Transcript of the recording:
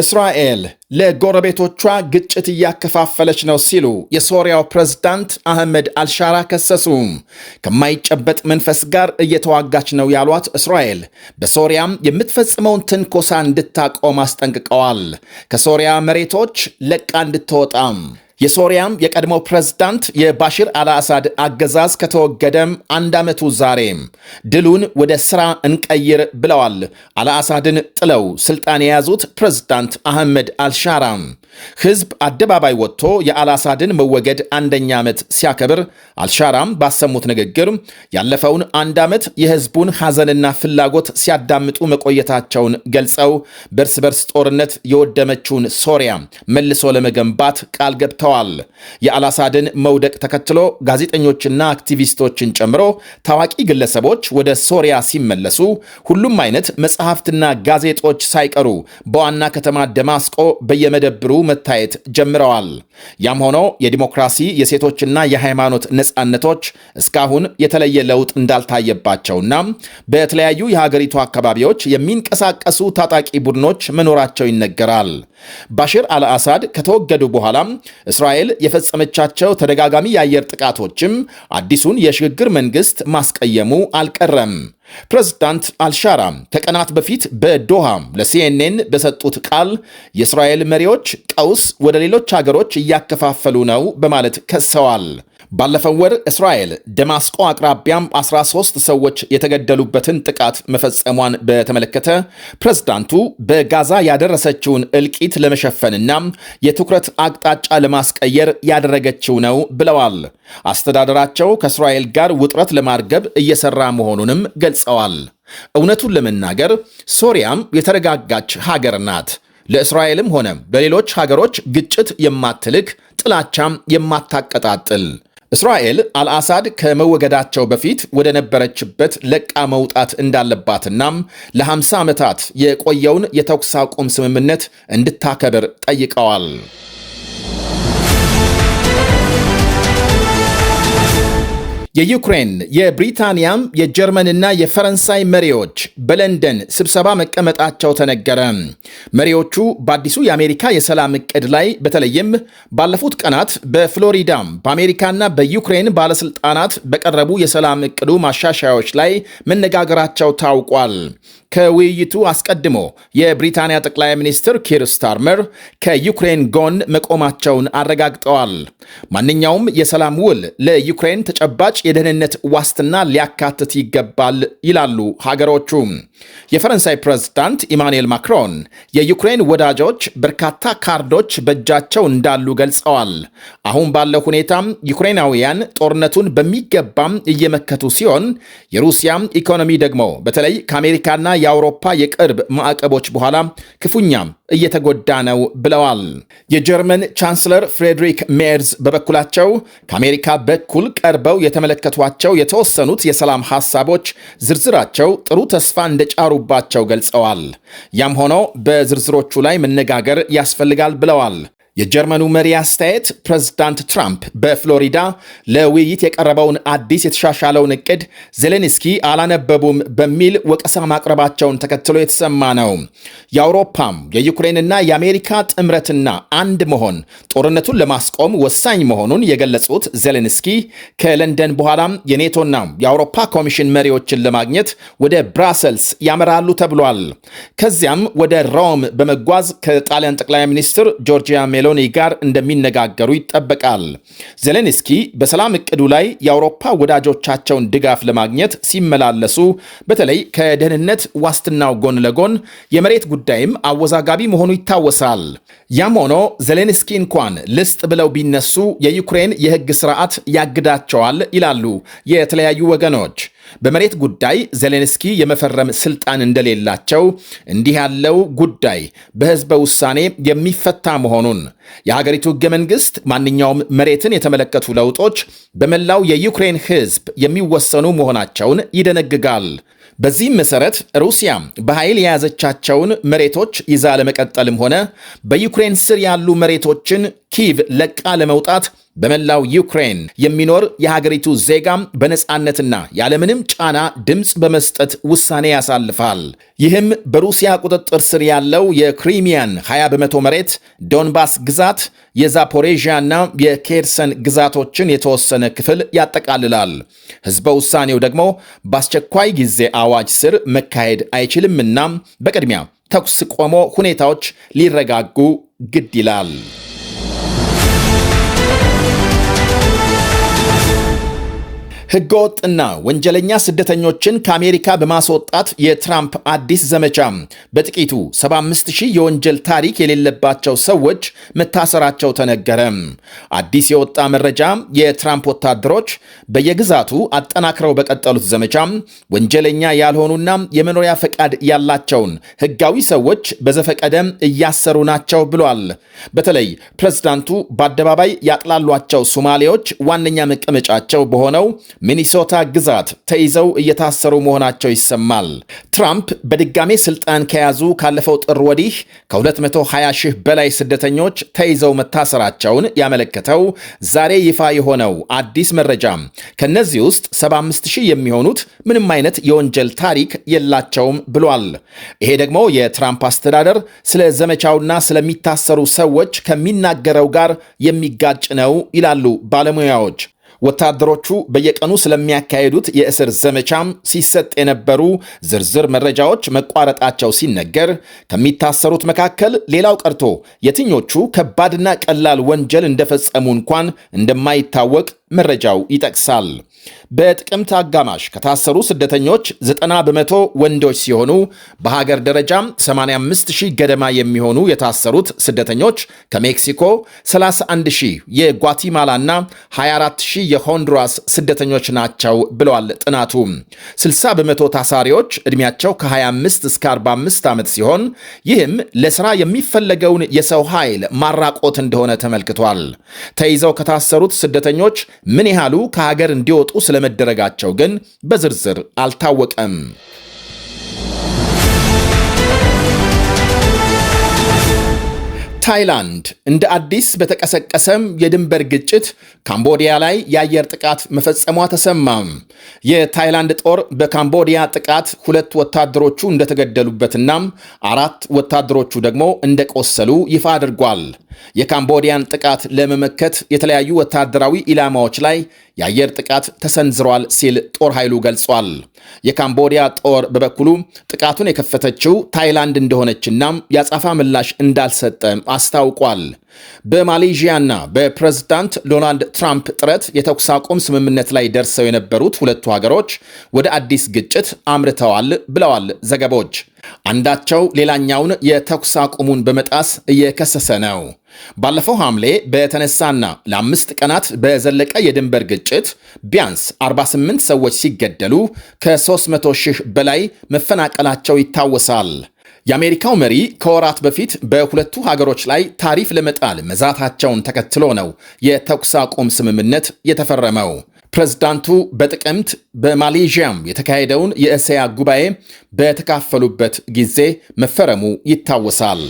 እስራኤል ለጎረቤቶቿ ግጭት እያከፋፈለች ነው ሲሉ የሶሪያው ፕሬዝዳንት አህመድ አልሻራ ከሰሱ። ከማይጨበጥ መንፈስ ጋር እየተዋጋች ነው ያሏት እስራኤል በሶሪያም የምትፈጽመውን ትንኮሳ እንድታቆም አስጠንቅቀዋል። ከሶሪያ መሬቶች ለቃ እንድትወጣም የሶሪያም የቀድሞው ፕሬዝዳንት የባሽር አልአሳድ አገዛዝ ከተወገደም አንድ ዓመቱ ዛሬ ድሉን ወደ ሥራ እንቀይር ብለዋል አልአሳድን ጥለው ስልጣን የያዙት ፕሬዝዳንት አህመድ አልሻራም። ሕዝብ አደባባይ ወጥቶ የአልአሳድን መወገድ አንደኛ ዓመት ሲያከብር አልሻራም ባሰሙት ንግግር ያለፈውን አንድ ዓመት የሕዝቡን ሐዘንና ፍላጎት ሲያዳምጡ መቆየታቸውን ገልጸው በእርስ በርስ ጦርነት የወደመችውን ሶሪያ መልሶ ለመገንባት ቃል ገብተዋል። የአልአሳድን መውደቅ ተከትሎ ጋዜጠኞችና አክቲቪስቶችን ጨምሮ ታዋቂ ግለሰቦች ወደ ሶሪያ ሲመለሱ ሁሉም አይነት መጽሐፍትና ጋዜጦች ሳይቀሩ በዋና ከተማ ደማስቆ በየመደብሩ መታየት ጀምረዋል። ያም ሆኖ የዲሞክራሲ የሴቶችና የሃይማኖት ነፃነቶች እስካሁን የተለየ ለውጥ እንዳልታየባቸውና በተለያዩ የሀገሪቱ አካባቢዎች የሚንቀሳቀሱ ታጣቂ ቡድኖች መኖራቸው ይነገራል። ባሽር አልአሳድ ከተወገዱ በኋላም እስራኤል የፈጸመቻቸው ተደጋጋሚ የአየር ጥቃቶችም አዲሱን የሽግግር መንግስት ማስቀየሙ አልቀረም። ፕሬዝዳንት አልሻራም ከቀናት በፊት በዶሃ ለሲኤንኤን በሰጡት ቃል የእስራኤል መሪዎች ቀውስ ወደ ሌሎች አገሮች እያከፋፈሉ ነው በማለት ከሰዋል። ባለፈው ወር እስራኤል ደማስቆ አቅራቢያም 13 ሰዎች የተገደሉበትን ጥቃት መፈጸሟን በተመለከተ ፕሬዝዳንቱ በጋዛ ያደረሰችውን እልቂት ለመሸፈንና የትኩረት አቅጣጫ ለማስቀየር ያደረገችው ነው ብለዋል። አስተዳደራቸው ከእስራኤል ጋር ውጥረት ለማርገብ እየሰራ መሆኑንም ገልጸዋል። እውነቱን ለመናገር ሶሪያም የተረጋጋች ሀገር ናት። ለእስራኤልም ሆነ ለሌሎች ሀገሮች ግጭት የማትልክ ጥላቻም የማታቀጣጥል እስራኤል አልአሳድ ከመወገዳቸው በፊት ወደ ነበረችበት ለቃ መውጣት እንዳለባትናም ለ50 ዓመታት የቆየውን የተኩስ አቁም ስምምነት እንድታከብር ጠይቀዋል። የዩክሬን የብሪታንያም የጀርመንና የፈረንሳይ መሪዎች በለንደን ስብሰባ መቀመጣቸው ተነገረ። መሪዎቹ በአዲሱ የአሜሪካ የሰላም እቅድ ላይ በተለይም ባለፉት ቀናት በፍሎሪዳም በአሜሪካና በዩክሬን ባለስልጣናት በቀረቡ የሰላም እቅዱ ማሻሻያዎች ላይ መነጋገራቸው ታውቋል። ከውይይቱ አስቀድሞ የብሪታንያ ጠቅላይ ሚኒስትር ኪር ስታርመር ከዩክሬን ጎን መቆማቸውን አረጋግጠዋል። ማንኛውም የሰላም ውል ለዩክሬን ተጨባጭ የደህንነት ዋስትና ሊያካትት ይገባል ይላሉ ሀገሮቹ። የፈረንሳይ ፕሬዝዳንት ኢማኑኤል ማክሮን የዩክሬን ወዳጆች በርካታ ካርዶች በእጃቸው እንዳሉ ገልጸዋል። አሁን ባለው ሁኔታም ዩክሬናውያን ጦርነቱን በሚገባም እየመከቱ ሲሆን የሩሲያም ኢኮኖሚ ደግሞ በተለይ ከአሜሪካና የአውሮፓ የቅርብ ማዕቀቦች በኋላ ክፉኛም እየተጎዳ ነው ብለዋል። የጀርመን ቻንስለር ፍሬድሪክ ሜርዝ በበኩላቸው ከአሜሪካ በኩል ቀርበው የተመለከቷቸው የተወሰኑት የሰላም ሐሳቦች ዝርዝራቸው ጥሩ ተስፋ እንደጫሩባቸው ገልጸዋል። ያም ሆኖ በዝርዝሮቹ ላይ መነጋገር ያስፈልጋል ብለዋል። የጀርመኑ መሪ አስተያየት ፕሬዝዳንት ትራምፕ በፍሎሪዳ ለውይይት የቀረበውን አዲስ የተሻሻለውን እቅድ ዜሌንስኪ አላነበቡም በሚል ወቀሳ ማቅረባቸውን ተከትሎ የተሰማ ነው። የአውሮፓም የዩክሬንና የአሜሪካ ጥምረትና አንድ መሆን ጦርነቱን ለማስቆም ወሳኝ መሆኑን የገለጹት ዜሌንስኪ ከለንደን በኋላም የኔቶና የአውሮፓ ኮሚሽን መሪዎችን ለማግኘት ወደ ብራሰልስ ያመራሉ ተብሏል። ከዚያም ወደ ሮም በመጓዝ ከጣሊያን ጠቅላይ ሚኒስትር ጆርጂያ ሜሎኒ ጋር እንደሚነጋገሩ ይጠበቃል። ዜሌንስኪ በሰላም እቅዱ ላይ የአውሮፓ ወዳጆቻቸውን ድጋፍ ለማግኘት ሲመላለሱ በተለይ ከደህንነት ዋስትናው ጎን ለጎን የመሬት ጉዳይም አወዛጋቢ መሆኑ ይታወሳል። ያም ሆኖ ዜሌንስኪ እንኳን ልስጥ ብለው ቢነሱ የዩክሬን የህግ ስርዓት ያግዳቸዋል ይላሉ የተለያዩ ወገኖች። በመሬት ጉዳይ ዜሌንስኪ የመፈረም ስልጣን እንደሌላቸው እንዲህ ያለው ጉዳይ በህዝበ ውሳኔ የሚፈታ መሆኑን የሀገሪቱ ህገ መንግስት ማንኛውም መሬትን የተመለከቱ ለውጦች በመላው የዩክሬን ህዝብ የሚወሰኑ መሆናቸውን ይደነግጋል። በዚህም መሰረት ሩሲያ በኃይል የያዘቻቸውን መሬቶች ይዛ ለመቀጠልም ሆነ በዩክሬን ስር ያሉ መሬቶችን ኪቭ ለቃ ለመውጣት በመላው ዩክሬን የሚኖር የሀገሪቱ ዜጋም በነፃነትና ያለምንም ጫና ድምፅ በመስጠት ውሳኔ ያሳልፋል። ይህም በሩሲያ ቁጥጥር ስር ያለው የክሪሚያን 20 በመቶ መሬት፣ ዶንባስ ግዛት፣ የዛፖሬዥያና የኬርሰን ግዛቶችን የተወሰነ ክፍል ያጠቃልላል። ህዝበ ውሳኔው ደግሞ በአስቸኳይ ጊዜ አዋጅ ስር መካሄድ አይችልምና በቅድሚያ ተኩስ ቆሞ ሁኔታዎች ሊረጋጉ ግድ ይላል። ህገወጥና ወንጀለኛ ስደተኞችን ከአሜሪካ በማስወጣት የትራምፕ አዲስ ዘመቻ በጥቂቱ 75 ሺህ የወንጀል ታሪክ የሌለባቸው ሰዎች መታሰራቸው ተነገረ። አዲስ የወጣ መረጃ የትራምፕ ወታደሮች በየግዛቱ አጠናክረው በቀጠሉት ዘመቻ ወንጀለኛ ያልሆኑና የመኖሪያ ፈቃድ ያላቸውን ህጋዊ ሰዎች በዘፈቀደም እያሰሩ ናቸው ብሏል። በተለይ ፕሬዝዳንቱ በአደባባይ ያጥላሏቸው ሶማሌዎች ዋነኛ መቀመጫቸው በሆነው ሚኒሶታ ግዛት ተይዘው እየታሰሩ መሆናቸው ይሰማል። ትራምፕ በድጋሜ ስልጣን ከያዙ ካለፈው ጥር ወዲህ ከ220 ሺህ በላይ ስደተኞች ተይዘው መታሰራቸውን ያመለከተው ዛሬ ይፋ የሆነው አዲስ መረጃ ከእነዚህ ውስጥ 75 ሺህ የሚሆኑት ምንም አይነት የወንጀል ታሪክ የላቸውም ብሏል። ይሄ ደግሞ የትራምፕ አስተዳደር ስለ ዘመቻውና ስለሚታሰሩ ሰዎች ከሚናገረው ጋር የሚጋጭ ነው ይላሉ ባለሙያዎች። ወታደሮቹ በየቀኑ ስለሚያካሄዱት የእስር ዘመቻም ሲሰጥ የነበሩ ዝርዝር መረጃዎች መቋረጣቸው ሲነገር ከሚታሰሩት መካከል ሌላው ቀርቶ የትኞቹ ከባድና ቀላል ወንጀል እንደፈጸሙ እንኳን እንደማይታወቅ መረጃው ይጠቅሳል። በጥቅምት አጋማሽ ከታሰሩ ስደተኞች 90 በመቶ ወንዶች ሲሆኑ በሀገር ደረጃም 85 ሺህ ገደማ የሚሆኑ የታሰሩት ስደተኞች ከሜክሲኮ 31 ሺህ የጓቲማላና 24 ሺህ የሆንዱራስ ስደተኞች ናቸው ብለዋል ጥናቱ። 60 በመቶ ታሳሪዎች ዕድሜያቸው ከ25 እስከ 45 ዓመት ሲሆን ይህም ለሥራ የሚፈለገውን የሰው ኃይል ማራቆት እንደሆነ ተመልክቷል። ተይዘው ከታሰሩት ስደተኞች ምን ያህሉ ከሀገር እንዲወጡ እንዲወጡ ስለመደረጋቸው ግን በዝርዝር አልታወቀም። ታይላንድ እንደ አዲስ በተቀሰቀሰም የድንበር ግጭት ካምቦዲያ ላይ የአየር ጥቃት መፈጸሟ ተሰማም። የታይላንድ ጦር በካምቦዲያ ጥቃት ሁለት ወታደሮቹ እንደተገደሉበትና አራት ወታደሮቹ ደግሞ እንደቆሰሉ ይፋ አድርጓል። የካምቦዲያን ጥቃት ለመመከት የተለያዩ ወታደራዊ ኢላማዎች ላይ የአየር ጥቃት ተሰንዝሯል ሲል ጦር ኃይሉ ገልጿል። የካምቦዲያ ጦር በበኩሉ ጥቃቱን የከፈተችው ታይላንድ እንደሆነችና የአጻፋ ምላሽ እንዳልሰጠም አስታውቋል። በማሌዥያና በፕሬዝዳንት ዶናልድ ትራምፕ ጥረት የተኩስ አቁም ስምምነት ላይ ደርሰው የነበሩት ሁለቱ ሀገሮች ወደ አዲስ ግጭት አምርተዋል ብለዋል ዘገቦች። አንዳቸው ሌላኛውን የተኩስ አቁሙን በመጣስ እየከሰሰ ነው። ባለፈው ሐምሌ በተነሳና ለአምስት ቀናት በዘለቀ የድንበር ግጭት ቢያንስ 48 ሰዎች ሲገደሉ ከ300 ሺህ በላይ መፈናቀላቸው ይታወሳል። የአሜሪካው መሪ ከወራት በፊት በሁለቱ ሀገሮች ላይ ታሪፍ ለመጣል መዛታቸውን ተከትሎ ነው የተኩስ አቁም ስምምነት የተፈረመው። ፕሬዝዳንቱ በጥቅምት በማሌዥያም የተካሄደውን የእስያ ጉባኤ በተካፈሉበት ጊዜ መፈረሙ ይታወሳል።